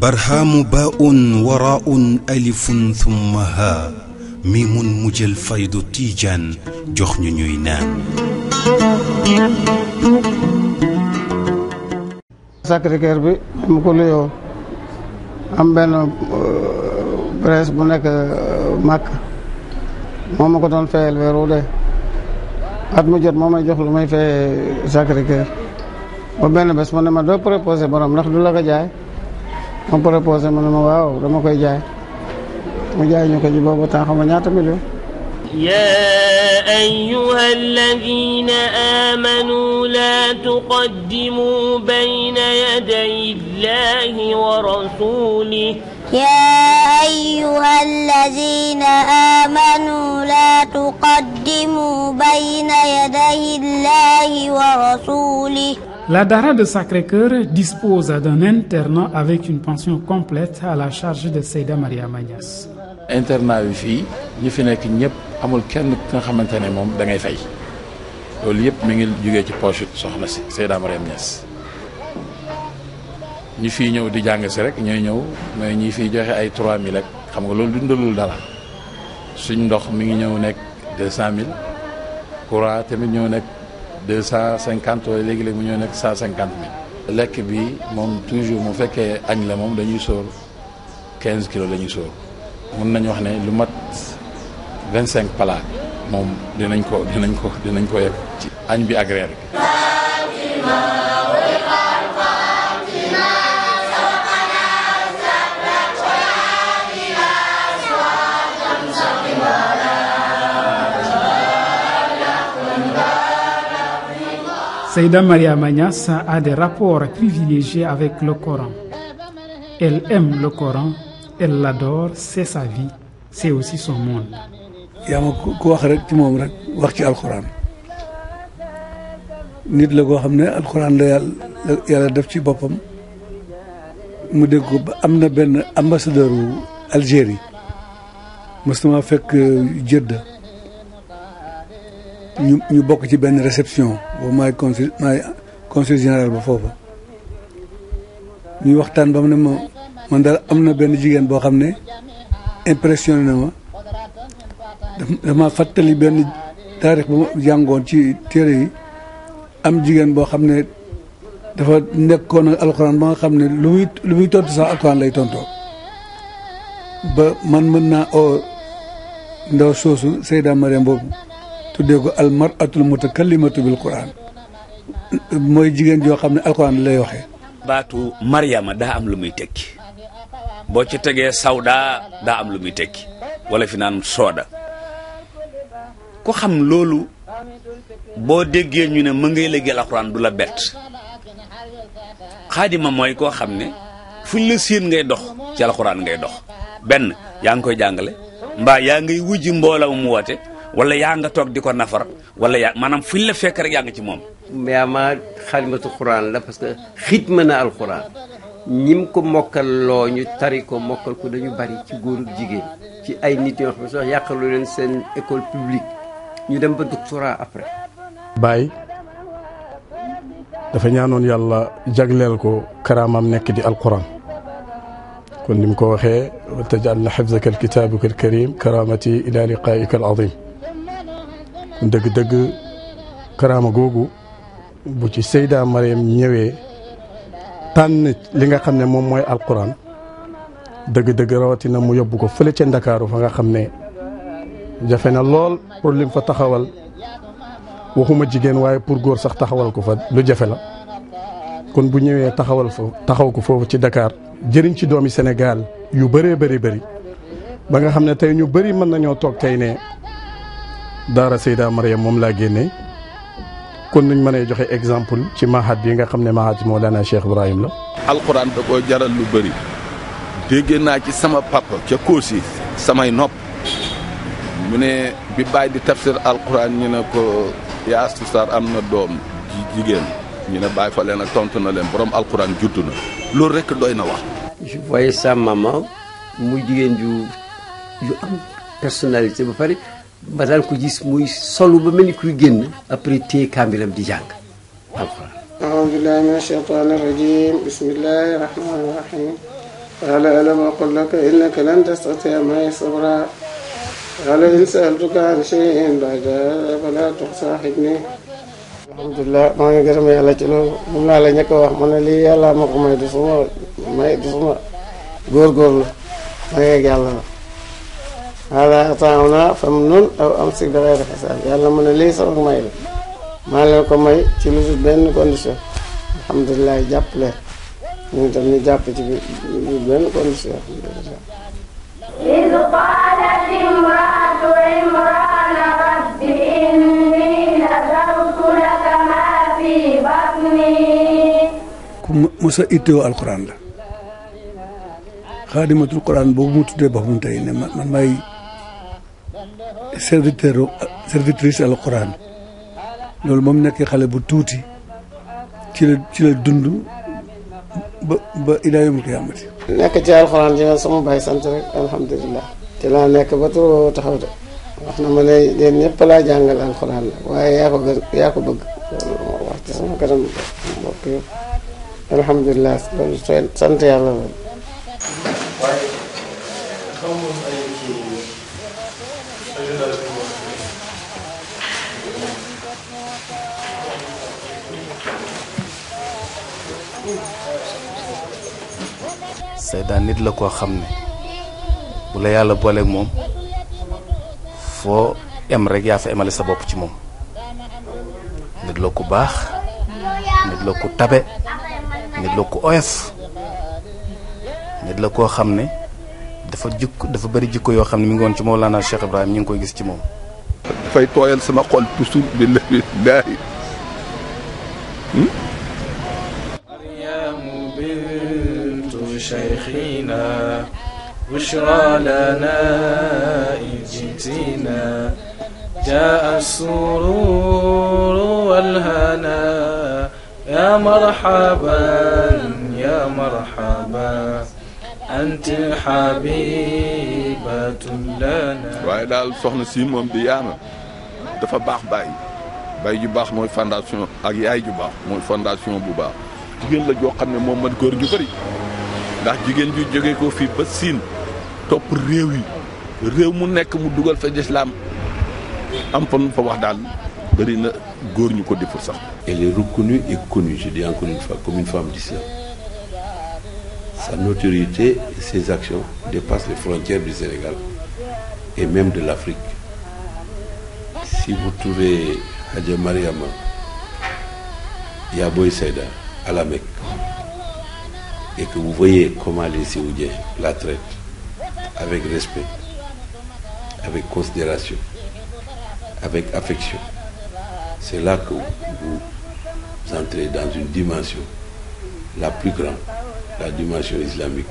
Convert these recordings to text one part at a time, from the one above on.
برهام باء وراء ألف ثم ها ميم مجل فيض تيجان جخن نينان secrétaire bi mu ko nuyoo am benn presse bu nekk màkk moom ma ko doon fayal weeru dee at mu jot moo may jox lu may fee Sacré Cœur ba benn bés mu ne ma doo proposé borom ndax du la ko jaay ma proposé mu ne ma waaw dama koy jaay mu jaay ñu ko ji boobu temps xam nga ñaata million يا أيها الذين آمنوا لا تقدموا بين يدي الله ورسوله يا أيها الذين آمنوا لا تقدموا بين يدي الله ورسوله La Dara de Sacré-Cœur dispose d'un internat avec une pension complète à la charge de Seyda Maria Magnas. Internat bi fii ñi fi nekk ñëpp amul kenn ki nga xamante ne moom da ngay fay loolu yëpp mi ngi jógee ci poche soxna si Seyda Maria Magnas. ñi fiy ñëw di jàng si rek ñooy ñëw mais ñi fiy joxe ay 3000 rek xam nga loolu dundalul dara suñ ndox mi ngi ñëw nekk mille courant tamit ñëw nekk 250 wala léegi-léegi mu ñëw nekk 150000. lekk bi moom toujours mu fekkee añ la moom dañuy sóor 15 kilos la ñuy sóor mun nañu wax ne lu mat 25 palaat moom dinañ ko dinañ ko dinañ ko yegg ci añ bi ak reer bi. Saïda Maria Magnas a des rapports privilégiés avec le Coran. Elle aime le Coran, elle l'adore, c'est sa vie, c'est aussi son monde. nit la goo xam ne alxuraan la yàlla yàlla def ci boppam mu dégg ko ba am na benn ben wu Algérie Mustama fekk euh, Jedda ñu ñu bokk ci benn réception boobu maay consul maay consul général ba foofa ñuy waxtaan ba mu ne ma man daal am na benn jigéen boo xam ne impressionné na ma dama fàttali benn taarix bu ma jàngoon ci téere yi am jigéen boo xam ne dafa nekkoon ak alxuraan ba nga xam ne lu muy lu muy tontu sax alxuraan lay tontoo ba man mën naa oo ndaw soosu Seyda Mariam boobu tuddee ko al mar'atul mutakallimatu bil quran mooy jigéen joo xam ne alquran lay waxee. baatu Mariama daa am lu muy tekki boo ci tegee sawda daa am lu muy tekki wala fi naan sooda ku xam loolu boo déggee ñu ne ma ngay liggéeyal alquran du la bett xaadima mooy koo xam ne fuñ la séen ngay dox ci alxuraan ngay dox benn yaa ngi koy jàngale mbaa yaa ngay wujji mbooloo mu woote. wala yaa nga toog di ko nafar wala yaa fu fuñ la fekk rek yaa nga ci moom. yaa ma xalimatu xuraan la parce que xitma na alxuraan ñim ko mokkal loo ñu tari ko mokkal ko dañu bari ci góor jigéen ci ay nit yoo xam ne sax yàqalu seen école publique ñu dem ba doctorat après. Baye dafa noonu yàlla jagleel ko karaamam nekk di alquran kon ni ko waxee tajal na xifzaka alkitaabuka alkarim karamati ila liqaika al azim dëgg-dëgg karaama googu bu ci seydaa Mariam ñëwee tànn li nga xam ne moom mooy alquran dëgg-dëgg rawatina mu yóbbu ko fële ca Ndakaaru fa nga xam ne jafe na lool pour lim fa taxawal waxuma jigéen waaye pour góor sax taxawal ko fa lu jafe la kon bu ñëwee taxawal fa taxaw ko foofu ci ndakaar jëriñ ci doomi Sénégal yu bëree bëri bëri ba nga xam ne tey ñu bëri mën nañoo toog tey ne daara Seyda Mariam moom laa génnee kon mën mënee joxe exemple ci mahad bi nga xam ne moo bi Mawlana Cheikh Ibrahim la. alxuraan da ko jaral lu bëri dégg naa ci sama papa ca Kosi samay nopp mu ne bi bàyyi di tafsir alxuraan ñu ne ko yaasu sar am na doom ji jigéen ñu ne bàyyi fa leen ak tontu na leen borom alxuraan juddu na loolu rek doy na wax. je voyais sa maman jigéen ju ju am personnalité ba pare. ba daan ko gis solu ba mel ni kuy génn après téye kaamilam di jàng alxuraan أعوذ بالله من الشيطان الرجيم بسم الله الرحمن الرحيم قال ألم أقل لك إنك لن تستطيع معي صبرا قال إن سألتك عن شيء بعد فلا تصاحبني alhamdulilah maa a wax ma may du suma may du suma góorgóorlu ma هذا ata'una famnun aw amsik bi ghayri hisaab yàlla mu ne lii sama may la maa leen ko may ci lu benn condition alhamdulilah jàpp leen ñun tam ñu jàpp ci قالت امرأة عمران رب نذرت لك ما في بطني quran boobu mu tuddee boppam tey ne serviteur servitrice alquran loolu moom nekk xale bu tuuti ci la ci la dund ba ba ilaa yawmil qiyaamati nekk ci alxuraan dina sama bàyyi sant rek alhamdulilah te laa nekk ba trop taxaw de wax na ma ne leen ñëpp laa jàngal alxuraan nag waaye yaa ko gën yaa ko bëgg alhamdulilah sant yàlla loolu Seyda nit la koo xam ne bu la yàlla booleeg moom foo em rek yaa fa emale sa bopp ci moom nit la ku baax nit la ko tabe nit la ku oyof nit la koo xam ne dafa jikko dafa bari jikko yoo xam ne mi ngi woon ci Mawlana Cheikh Ibrahim ñu ngi koy gis ci moom fay tooyal سما قول بسول بالله بالله أريام بنت شيخنا بشرى لنا إجتنا جاء السرور والهنا يا مرحبا يا مرحبا أنت حبيبة لنا وإلى الصحن سيمون بيامة dafa bax bay bàyyi ju baax mooy fondation ak yaay ju baax mooy fondation bu baax jigen la jo xam ne moom man góor ñu bari ndax jigen ju jógee ko fi ba siin topp réew yi réew mu nek mu duggal fa islam am fa fa wax dal bari na góor ñu ko deful sax. Elle est reconnue et connue je dis encore une fois comme une femme d'islam sa notoriété ses actions dépassent les frontières du Sénégal et même de l'Afrique si vous trouvez Hadja Mariama Yaboy à la Mecque et que vous voyez comment les Séoudiens la traitent avec respect, avec considération, avec affection, c'est là que vous entrez dans une dimension la plus grande, la dimension islamique.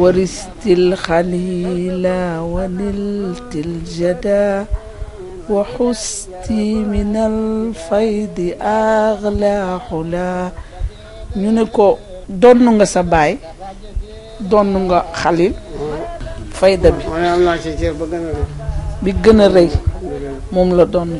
ورثت الخليل ونلت الجدى وحستي من الفيض أغلى حلا نونكو دون نونغا سباي دون نونغا خليل فايدة بي بي gën ري rëy moom la doon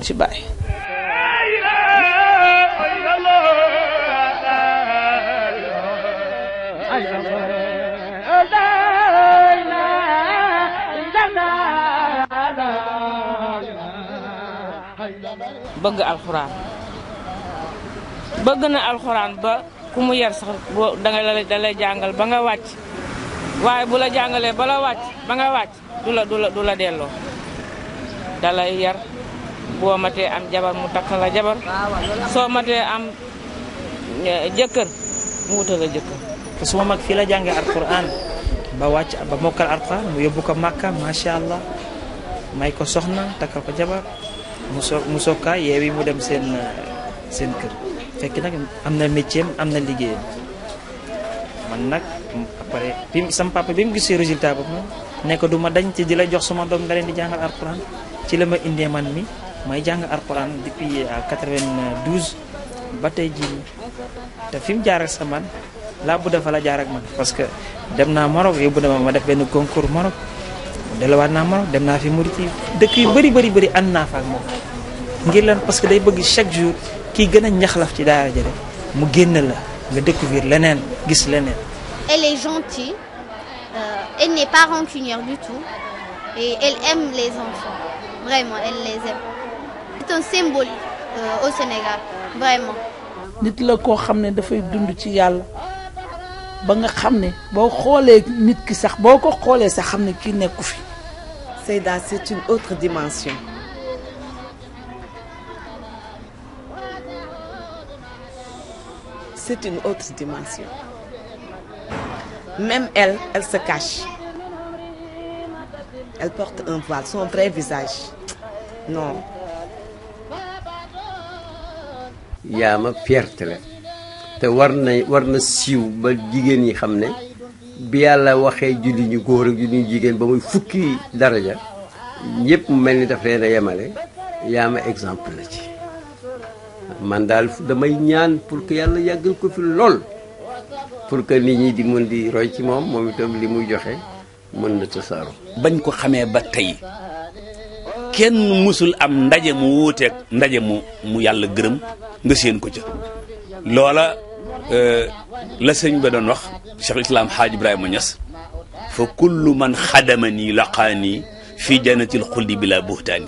bëgg alxuraan bëgg na alxuraan ba ku mu yar sax boo danga da jàngal ba nga wàcc waaye bu la jàngalee bala wàcc ba nga wàcc du du la du la delloo dalay lay yar boo matee am jabar mu takk la jabar soo matee am eh, jëkkër mu wutal la jëkkër te su ma mag fii la jàngee alxuraan ba wàcc ba mokkal alxuraan mu yóbbu ko màkka macha allah may ko soxna takkal ko jabar mu so mu sokka yeewi mu dem seen seen kër fekk nag am na métier am na liggéeyam man nag après bi sam papa bi mu gisee résultat boobu ne ko du ma dañ ci di la jox suma doom nga leen di jàngal alquran ci la ma indee man mi may jàng alquran depuis eh, eh, 92 ba tey jii te fi mu jaar ak sa man laa bu dafa la jaar ak man parce que dem naa Maroc yóbbu na ma def benn concours Maroc delluwaat naa Maroc dem naa fi Mauritanie dëkk yu bari bari bari ànd fa ak moom ngir lan parce que day bëgg chaque jour ki gëna ñaxlaf ci daara ja mu génn la nga découvrir leneen gis leneen. Elle est gentille euh, elle n'est pas rancunière du tout et elle aime les enfants vraiment elle les aime c'est un symbole euh, au Sénégal vraiment. nit la ko xam da fay dund ci yalla ba nga xam bo xolé nit ki sax boko xolé sax xam ki kii fi c'est une autre dimension. C'est une autre dimension. Même elle, elle se cache. Elle porte un voile, son vrai visage. Non. te bi yàlla waxee julli ñu góor ak ñu jigéen ba muy fukki daraja ñëpp mu mel ni daf leen a yemale yaa ma exemple la ci man daal damay ñaan pour que yàlla yàggal ko fi lool pour que nit ñi di mën di roy ci moom moom itam li muy joxe mën na tasaaroo. bañ ko xamee ba tey kenn mësul am ndaje mu wuuteeg ndaje mu mu yàlla gërëm nga séen ko ca loola. la sëñ ba doon wax cheikh islam xaaj ibrahima ñas fa kullu man xadama nii laqaanii fii jannatil xuldi bi laa buxtaani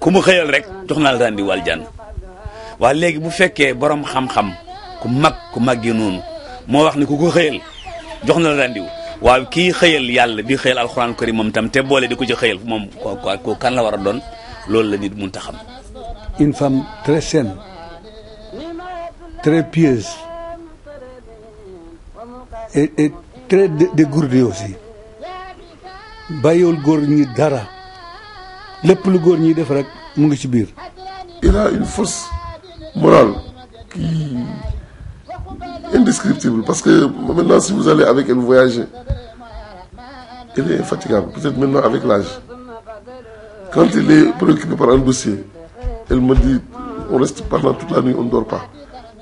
ku mu xëyal rek jox naa la daan di wàl jànn waa léegi bu fekkee borom xam-xam ku mag ku màgge noonu moo wax ne ku ko xëyal jox na la daan diw waaw kii xëyal yàlla bi xëyal alxuraan karim moom tam te boole di ko ci xëyal moom ko kan la war a doon loolu la nit mun ta xam une femme très saine très pieuse et, très dégourdie aussi dara le plus de il a une force morale indescriptible parce que maintenant si vous allez avec elle voyager elle est infatigable peut-être maintenant avec l'âge quand il est préoccupé par un dossier elle me dit on reste pendant toute la nuit on ne dort pas.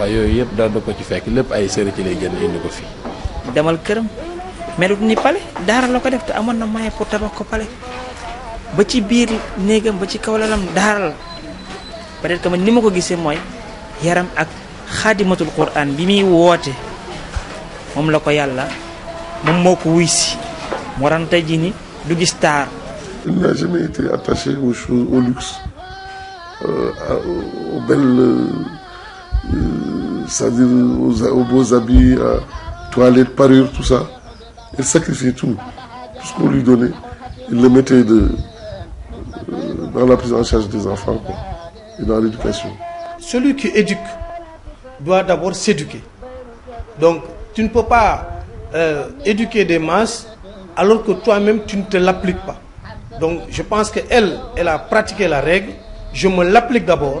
waaye yooyu yëpp dara da ko ci fekk lépp ay sëri ci lay génn indi ko fi. demal këram melut ni pale daara la ko def te amoon na moyen pour tabax ko pale ba ci biir néegam ba ci kaw lalam daara la peut-être que ni ma ko gisee mooy yaram ak xaadimatul quran bi muy woote moom la ko yàlla moom moo ko wuy si moo tax tey jii ni du gis taar. il n'a jamais été attaché aux choses au luxe euh, aux c'est-à-dire aux, beaux habits, à toilettes, parures, tout ça. Elle sacrifiait tout, tout ce qu'on lui donnait. Il le mettait euh, dans la prise en charge des enfants et dans l'éducation. Celui qui éduque doit d'abord s'éduquer. Donc, tu ne peux pas euh, éduquer des masses alors que toi-même, tu ne te l'appliques pas. Donc, je pense qu'elle, elle a pratiqué la règle. Je me l'applique d'abord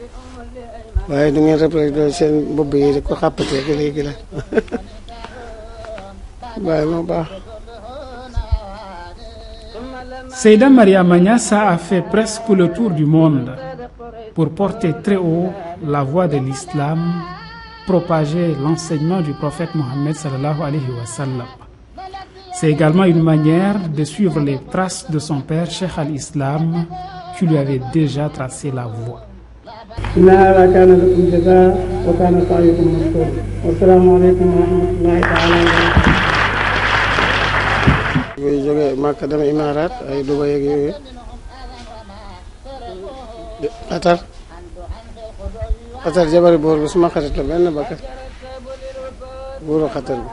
waaye du ngeen a fait presque le tour du monde pour porter très haut la voix de l'islam, propager l'enseignement du prophète Mohammed sallallahu alayhi wa sallam. C'est également une manière de suivre les traces de son père Cheikh al-Islam qui lui avait déjà tracé la voie. inna haadaa kaana lakum jazaa wa kaana sa'yukum mashkuuran wassalaamu aleykum wa rahmatullaahi taala muy jógee Imaaraat ay Dubaay ak yooyu Qatar Qatar jabari boor bi suma xarit la benn bakkat buuru Qatar bi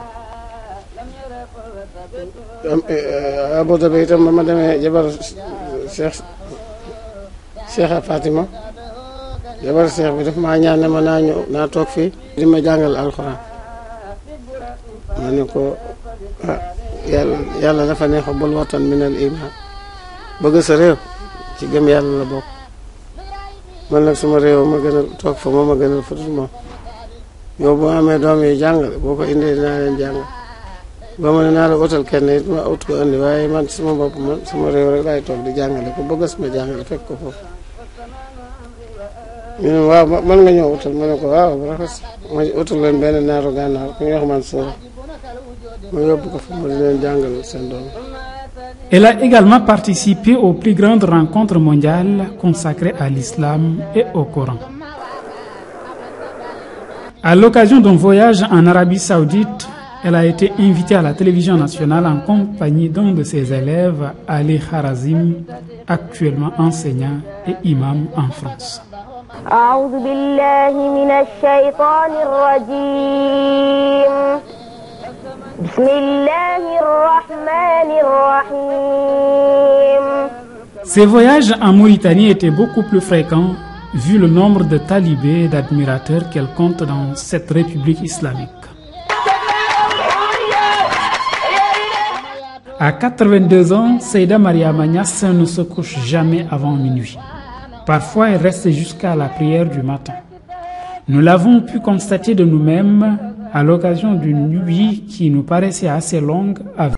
eh, eh, Abu Dhabi itam ba ma demee jabar Cheikh Cheikh Fatima jabar seex bi def maa ñaan ne ma naa ñëw naa toog fii di ma jàngal alxuraan ma ne ko ah yàlla yàlla dafa neex bul watan minal iman bëgg sa ci gëm yàlla la bokk man nag suma réew ma gënal toog fa moom ma gënal fa dul moom yow boo amee doom yi jàngal boo ko indee dinaa leen jàngal ba ma ne naa la utal kenn it ma ut ko indi waaye man sama bopp man sama réew rek laay toog di jàngale ko bëgg sama jàngale fekk ko foofu Elle a également participé aux plus grandes rencontres mondiales consacrées à l'islam et au Coran. À l'occasion d'un voyage en Arabie saoudite, elle a été invitée à la télévision nationale en compagnie d'un de ses élèves, Ali Harazim, actuellement enseignant et imam en France. Ses voyages en Mauritanie étaient beaucoup plus fréquents vu le nombre de talibés et d'admirateurs qu'elle compte dans cette république islamique. À 82 ans, Seyda Maria Magnas ne se couche jamais avant minuit. Parfois, elle reste jusqu'à la prière du matin. Nous l'avons pu constater de nous-mêmes à l'occasion d'une nuit qui nous paraissait assez longue. Avec...